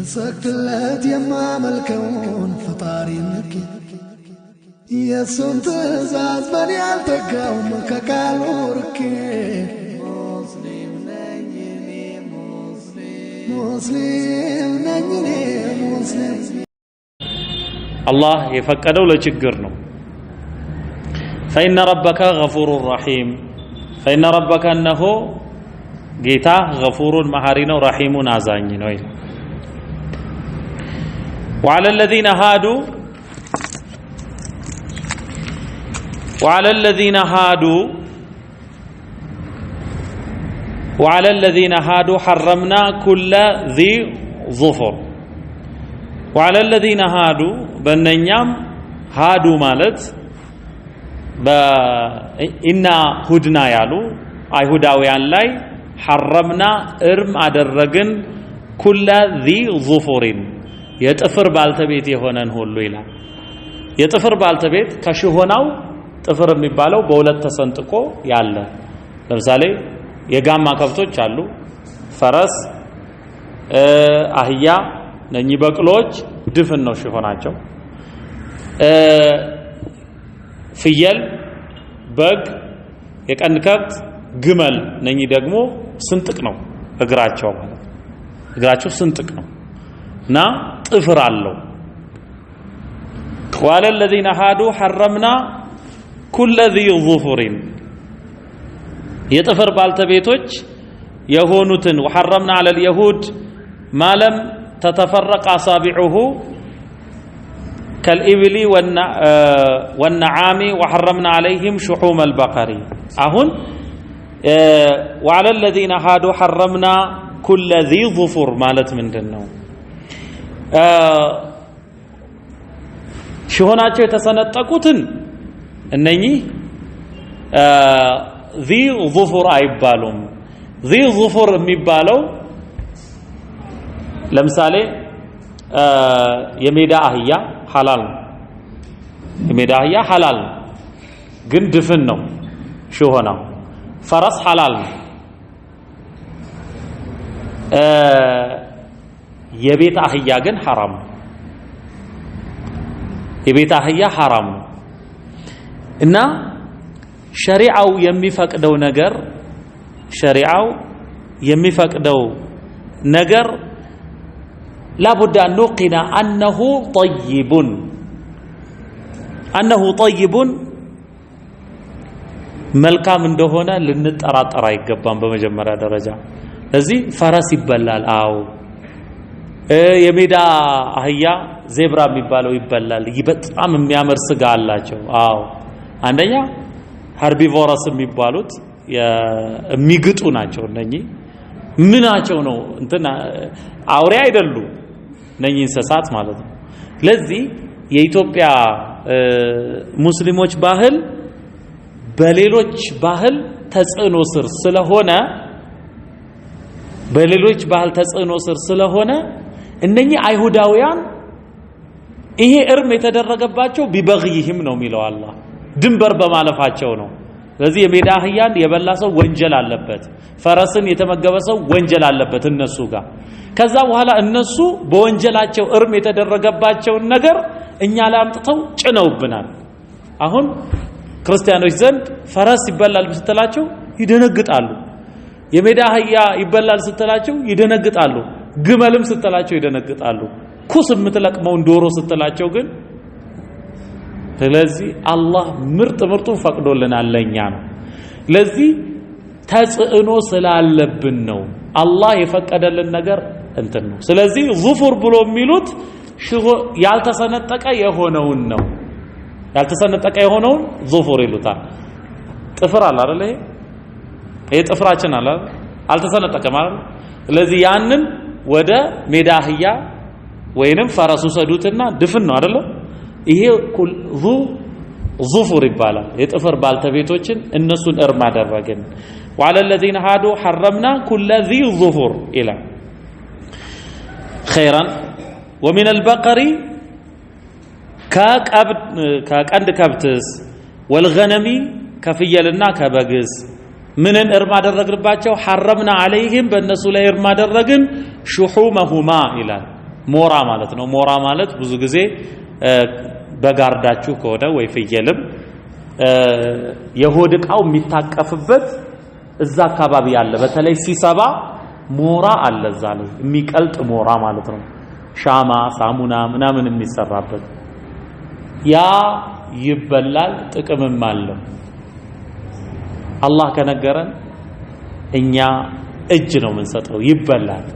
من صقت يا يمام الكون فطاري مكي يا سنت زاز بني تقاوم كقالو ركي مسلم نجني مسلم مسلم نجني مسلم الله يفكر لشجر نو فإن ربك غفور رحيم فإن ربك أنه جيتا غفور مهارين ورحيم نازاني نويل وعلى الذين هادوا وعلى الذين هادوا وعلى الذين هادوا حرمنا كل ذي ظفر وعلى الذين هادوا بننيام هادوا مالت በኢና ሁድና ያሉ አይሁዳውያን ላይ ሐረምና እርም አደረግን ኩለ ዚ ዙፉሪን የጥፍር ባልተቤት የሆነን ሁሉ ይላል። የጥፍር ባልተቤት ከሽሆናው ጥፍር የሚባለው በሁለት ተሰንጥቆ ያለ ለምሳሌ የጋማ ከብቶች አሉ፣ ፈረስ፣ አህያ ነኚህ በቅሎች ድፍን ነው ሽሆናቸው። ፍየል፣ በግ፣ የቀንድ ከብት፣ ግመል እነኚህ ደግሞ ስንጥቅ ነው እግራቸው ማለት እግራቸው ስንጥቅ ነው። نا طفر الله قال الذين هادو حرمنا كل ذي ظفر يطفر بالتبيتوج يهونتن وحرمنا على اليهود ما لم تتفرق أصابعه كالإبل والنعام وحرمنا عليهم شحوم البقر أهون وعلى الذين هادو حرمنا كل ذي ظفر مالت من دنهم ሽሆናቸው የተሰነጠቁትን እነኚህ ዚ ዙፉር አይባሉም። ዚ ዙፉር የሚባለው ለምሳሌ የሜዳ አህያ ሐላል ነው። የሜዳ አህያ ሐላል ነው፣ ግን ድፍን ነው ሽሆና ፈረስ ሐላል ነው። የቤት አህያ ግን ሐራም ነው። የቤት አህያ ሐራም ነው እና ሸሪዓው የሚፈቅደው ነገር ሸሪዓው የሚፈቅደው ነገር ላቡዳ ኑቂና አነሁ ጠይቡን አነሁ ጠይቡን መልካም እንደሆነ ልንጠራጠር አይገባም። በመጀመሪያ ደረጃ ለዚህ ፈረስ ይበላል። አዎ የሜዳ አህያ ዜብራ የሚባለው ይበላል። በጣም የሚያምር ስጋ አላቸው። አዎ አንደኛ ሀርቢቮረስ የሚባሉት የሚግጡ ናቸው። እነኚህ ምናቸው ነው እንትና አውሬ አይደሉ እነኚህ እንስሳት ማለት ነው። ስለዚህ የኢትዮጵያ ሙስሊሞች ባህል በሌሎች ባህል ተጽዕኖ ስር ስለሆነ በሌሎች ባህል ተጽዕኖ ስር ስለሆነ እነኚህ አይሁዳውያን ይሄ እርም የተደረገባቸው ቢበግይህም ነው የሚለው አላህ ድንበር በማለፋቸው ነው። ስለዚህ የሜዳ አህያን የበላ ሰው ወንጀል አለበት፣ ፈረስን የተመገበ ሰው ወንጀል አለበት እነሱ ጋር። ከዛ በኋላ እነሱ በወንጀላቸው እርም የተደረገባቸውን ነገር እኛ ላይ አምጥተው ጭነውብናል። አሁን ክርስቲያኖች ዘንድ ፈረስ ይበላል ስትላቸው ይደነግጣሉ። የሜዳ አህያ ይበላል ስትላቸው ይደነግጣሉ። ግመልም ስትላቸው ይደነግጣሉ። ኩስ የምትለቅመውን ዶሮ ስትላቸው ግን ስለዚህ አላህ ምርጥ ምርጡን ፈቅዶልናል ለእኛ ነው። ለዚህ ተጽዕኖ ስላለብን ነው አላህ የፈቀደልን ነገር እንትን ነው። ስለዚህ ዙፉር ብሎ የሚሉት ያልተሰነጠቀ የሆነውን ነው። ያልተሰነጠቀ የሆነውን ዙፉር ይሉታል። ጥፍር አለ አይደል? ይሄ ጥፍራችን አለ አልተሰነጠቀም አይደል? ስለዚህ ያንን ወደ ሜዳ አህያ ወይንም ፈረሱ ሰዱትና ድፍን ነው አይደለ? ይሄ ዙ ዙፉር ይባላል። የጥፍር ባልተቤቶችን እነሱን እርም አደረግን። ወዐለ ለዚነ ሃዱ ሐረምና ኩለ ዚ ዙፉር ይላል። ኸይራን ወሚን አልበቀሪ ከቀንድ ከብትስ ወልገነሚ ከፍየልና ከበግስ ምንን እርም አደረግንባቸው? ሐረምና አለይህም በእነሱ ላይ እርም አደረግን። ሹሑመሁማ ይላል ሞራ ማለት ነው። ሞራ ማለት ብዙ ጊዜ በጋርዳችሁ ከሆነ ወይ ፍየልም የሆድ እቃው የሚታቀፍበት እዛ አካባቢ አለ። በተለይ ሲሰባ ሞራ አለ እዛ ላይ የሚቀልጥ ሞራ ማለት ነው። ሻማ ሳሙና ምናምን የሚሰራበት ያ ይበላል፣ ጥቅምም አለው። አላህ ከነገረን እኛ እጅ ነው የምንሰጠው፣ ይበላል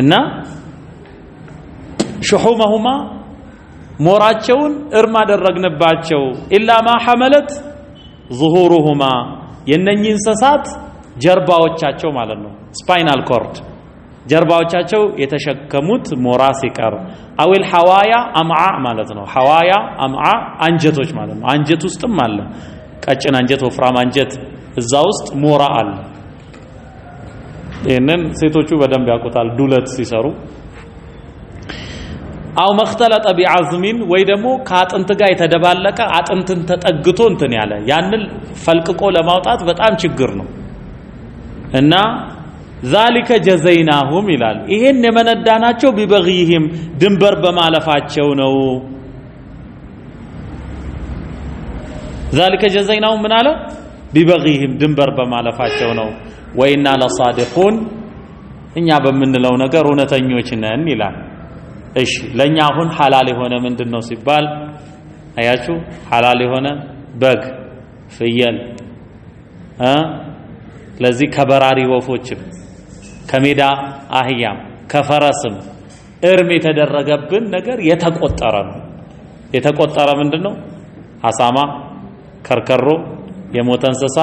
እና ሽሑመሁማ ሞራቸውን እርም አደረግንባቸው። ኢላ ማ ሐመለት ዙሁሩሁማ የነኚህ እንስሳት ጀርባዎቻቸው ማለት ነው ስፓይናል ኮርድ ጀርባዎቻቸው የተሸከሙት ሞራ ሲቀር አዊል ሐዋያ አምዓ ማለት ነው። ሐዋያ አምዓ አንጀቶች ማለት ነው። አንጀት ውስጥም አለ ቀጭን አንጀት፣ ወፍራም አንጀት እዛ ውስጥ ሞራ አለ። ይህንን ሴቶቹ በደንብ ያውቁታል ዱለት ሲሰሩ አው መክተለጠ ቢዓዝሚን ወይ ደግሞ ከአጥንት ጋር የተደባለቀ አጥንትን ተጠግቶ እንትን ያለ ያንን ፈልቅቆ ለማውጣት በጣም ችግር ነው እና ዛሊከ ጀዘይናሁም ይላል። ይሄን የመነዳናቸው ቢበግይህም ድንበር በማለፋቸው ነው። ዛሊከ ጀዘይናው ምን አለ ቢበጊህም ድንበር በማለፋቸው ነው። ወይና ለሳዲቁን እኛ በምንለው ነገር እውነተኞች ነን ይላል። እሺ ለእኛ አሁን ሐላል የሆነ ምንድን ነው ሲባል አያችሁ፣ ሐላል የሆነ በግ፣ ፍየል ለዚህ ከበራሪ ወፎችም ከሜዳ አህያም ከፈረስም እርም የተደረገብን ነገር የተቆጠረ ነው። የተቆጠረ ምንድን ነው አሳማ ከርከሮ፣ የሞተ እንስሳ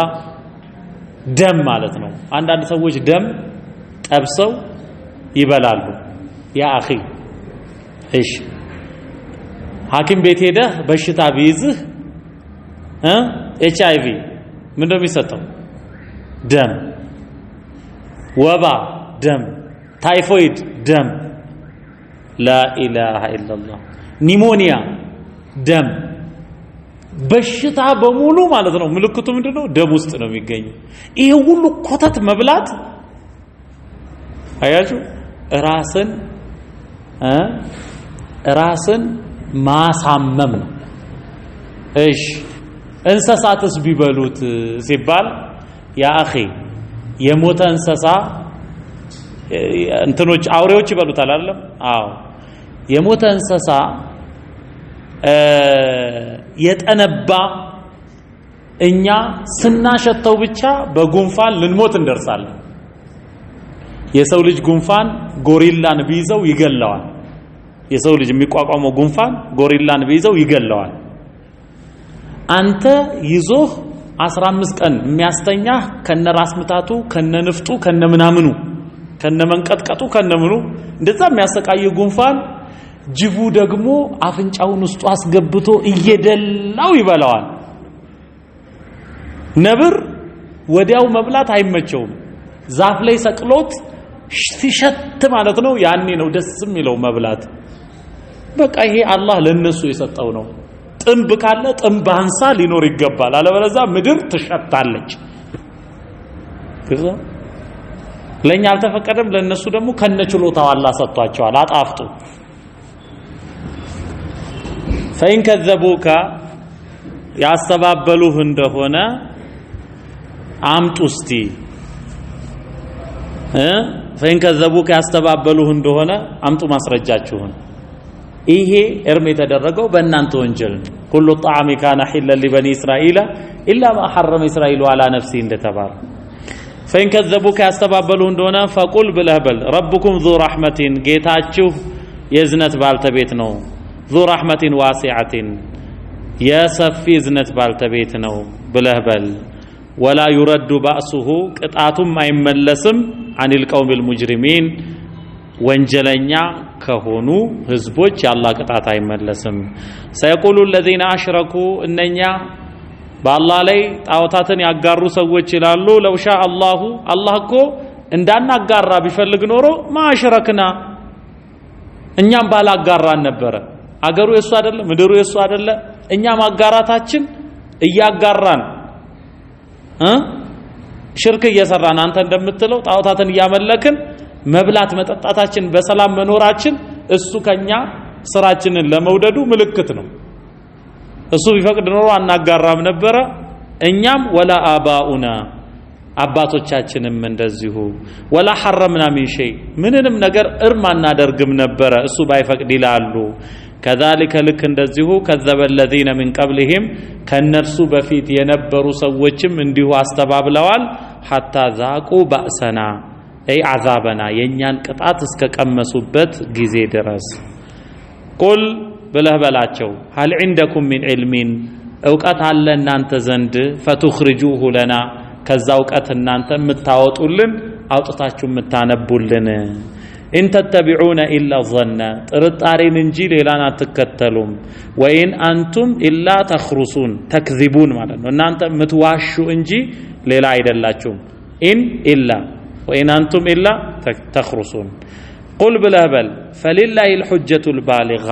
ደም ማለት ነው። አንዳንድ ሰዎች ደም ጠብሰው ይበላሉ። ያ አኺ እሺ፣ ሐኪም ቤት ሄደህ በሽታ ቢይዝህ ኤች አይ ቪ ምን ነው የሚሰጠው? ደም። ወባ ደም፣ ታይፎይድ ደም። ላኢላሃ ኢለላህ ኒሞኒያ ደም በሽታ በሙሉ ማለት ነው። ምልክቱ ምንድነው? ደም ውስጥ ነው የሚገኘው። ይሄ ሁሉ ኮተት መብላት አያችሁ፣ ራስን ራስን ማሳመም ነው። እሺ እንስሳትስ ቢበሉት ሲባል ያ አኺ የሞተ እንስሳ እንትኖች አውሬዎች ይበሉታል አይደለም? አዎ የሞተ እንስሳ የጠነባ እኛ ስናሸተው ብቻ በጉንፋን ልንሞት እንደርሳለን። የሰው ልጅ ጉንፋን ጎሪላን ቢይዘው ይገለዋል። የሰው ልጅ የሚቋቋመው ጉንፋን ጎሪላን ቢይዘው ይገለዋል። አንተ ይዞህ 15 ቀን የሚያስተኛህ ከነ ራስ ምታቱ ከነ ንፍጡ ከነ ምናምኑ ከነ መንቀጥቀጡ ከነ ምኑ እንደዛ የሚያሰቃየ ጉንፋን ጅቡ ደግሞ አፍንጫውን ውስጡ አስገብቶ እየደላው ይበላዋል። ነብር ወዲያው መብላት አይመቸውም። ዛፍ ላይ ሰቅሎት ሲሸት ማለት ነው። ያኔ ነው ደስ የሚለው መብላት። በቃ ይሄ አላህ ለነሱ የሰጠው ነው። ጥንብ ካለ ጥንብ አንሳ ሊኖር ይገባል። አለበለዛ ምድር ትሸታለች። ለእኛ አልተፈቀደም፣ ለነሱ ደግሞ ከነችሎታው አላህ ሰጥቷቸዋል። አጣፍጡ ፈኢን ከዘቡከ ያስተባበሉህ እንደሆነ አምጡ እስቲ እ ያስተባበሉህ እንደሆነ አምጡ ማስረጃችሁን። ይሄ እርም የተደረገው በእናንተ ወንጀል ነው። ኩሉ ጣዕሚ ካነ ሒለን ሊበኒ እስራኤል ኢላ ማ ሐረመ እስራኤሉ አላ ነፍሲ እንደተባለ ፈኢን ያስተባበሉህ እንደሆነ ፈቁል ብለህ በል ረብኩም ዙ ረሕመቲን ጌታችሁ የዝነት ባልተቤት ነው ዙ ረሕመቲን ዋሲዓቲን የሰፊ እዝነት ባልተቤት ነው ብለህ በል። ወላ ዩረዱ ባእሱሁ ቅጣቱም አይመለስም አኒል ቀውሚል ሙጅሪሚን ወንጀለኛ ከሆኑ ህዝቦች የአላህ ቅጣት አይመለስም። ሰየቁሉ ለዚነ አሽረኩ እነኛ በአላህ ላይ ጣዖታትን ያጋሩ ሰዎች ይላሉ፣ ለውሻ አላሁ አላህ እኮ እንዳናጋራ ቢፈልግ ኖሮ ማአሽረክና እኛም ባላጋራን ነበረ አገሩ የሱ አይደለ፣ ምድሩ የሱ አይደለ። እኛ ማጋራታችን እያጋራን እ ሽርክ እየሰራን አንተ እንደምትለው ጣዖታትን እያመለክን መብላት መጠጣታችን በሰላም መኖራችን እሱ ከኛ ስራችንን ለመውደዱ ምልክት ነው። እሱ ቢፈቅድ ኖሮ አናጋራም ነበረ። እኛም ወላ አባኡና አባቶቻችንም እንደዚሁ ወላ ሐረምና ሚን ሸይ ምንንም ነገር እርም አናደርግም ነበረ እሱ ባይፈቅድ ይላሉ። ከዛሊከ ልክ እንደዚሁ ከዘበ ለዚነ ሚን ቀብሊሂም ከእነርሱ በፊት የነበሩ ሰዎችም እንዲሁ አስተባብለዋል። ሐታ ዛቁ ባእሰና ይ አዛበና የእኛን ቅጣት እስከ ቀመሱበት ጊዜ ድረስ ቁል ብለህ በላቸው ሀል ዒንደኩም ሚን ዒልሚን እውቀት አለ እናንተ ዘንድ ፈቱኽርጁሁ ለና ከዛ እውቀት እናንተ የምታወጡልን አውጥታችሁ የምታነቡልን ኢንተተቢዑነ ኢላ ዘነ ጥርጣሬን እንጂ ሌላን አትከተሉም። ወይን አንቱም ኢላ ተኽሩሱን ተክዚቡን ማለት ነው። እናንተ የምትዋሹ እንጂ ሌላ አይደላችሁም። ኢን ኢላ ወኢን አንቱም ኢላ ተኽሩሱን ቁል ብለህ በል ፈሊላሂ ልሑጀቱል ባሊጋ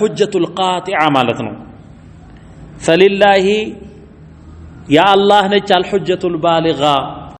ሑጀቱል ቃጢዓ ማለት ነው። ፈሊላሂ የአላህ ነች አልሑጀቱል ባሊጋ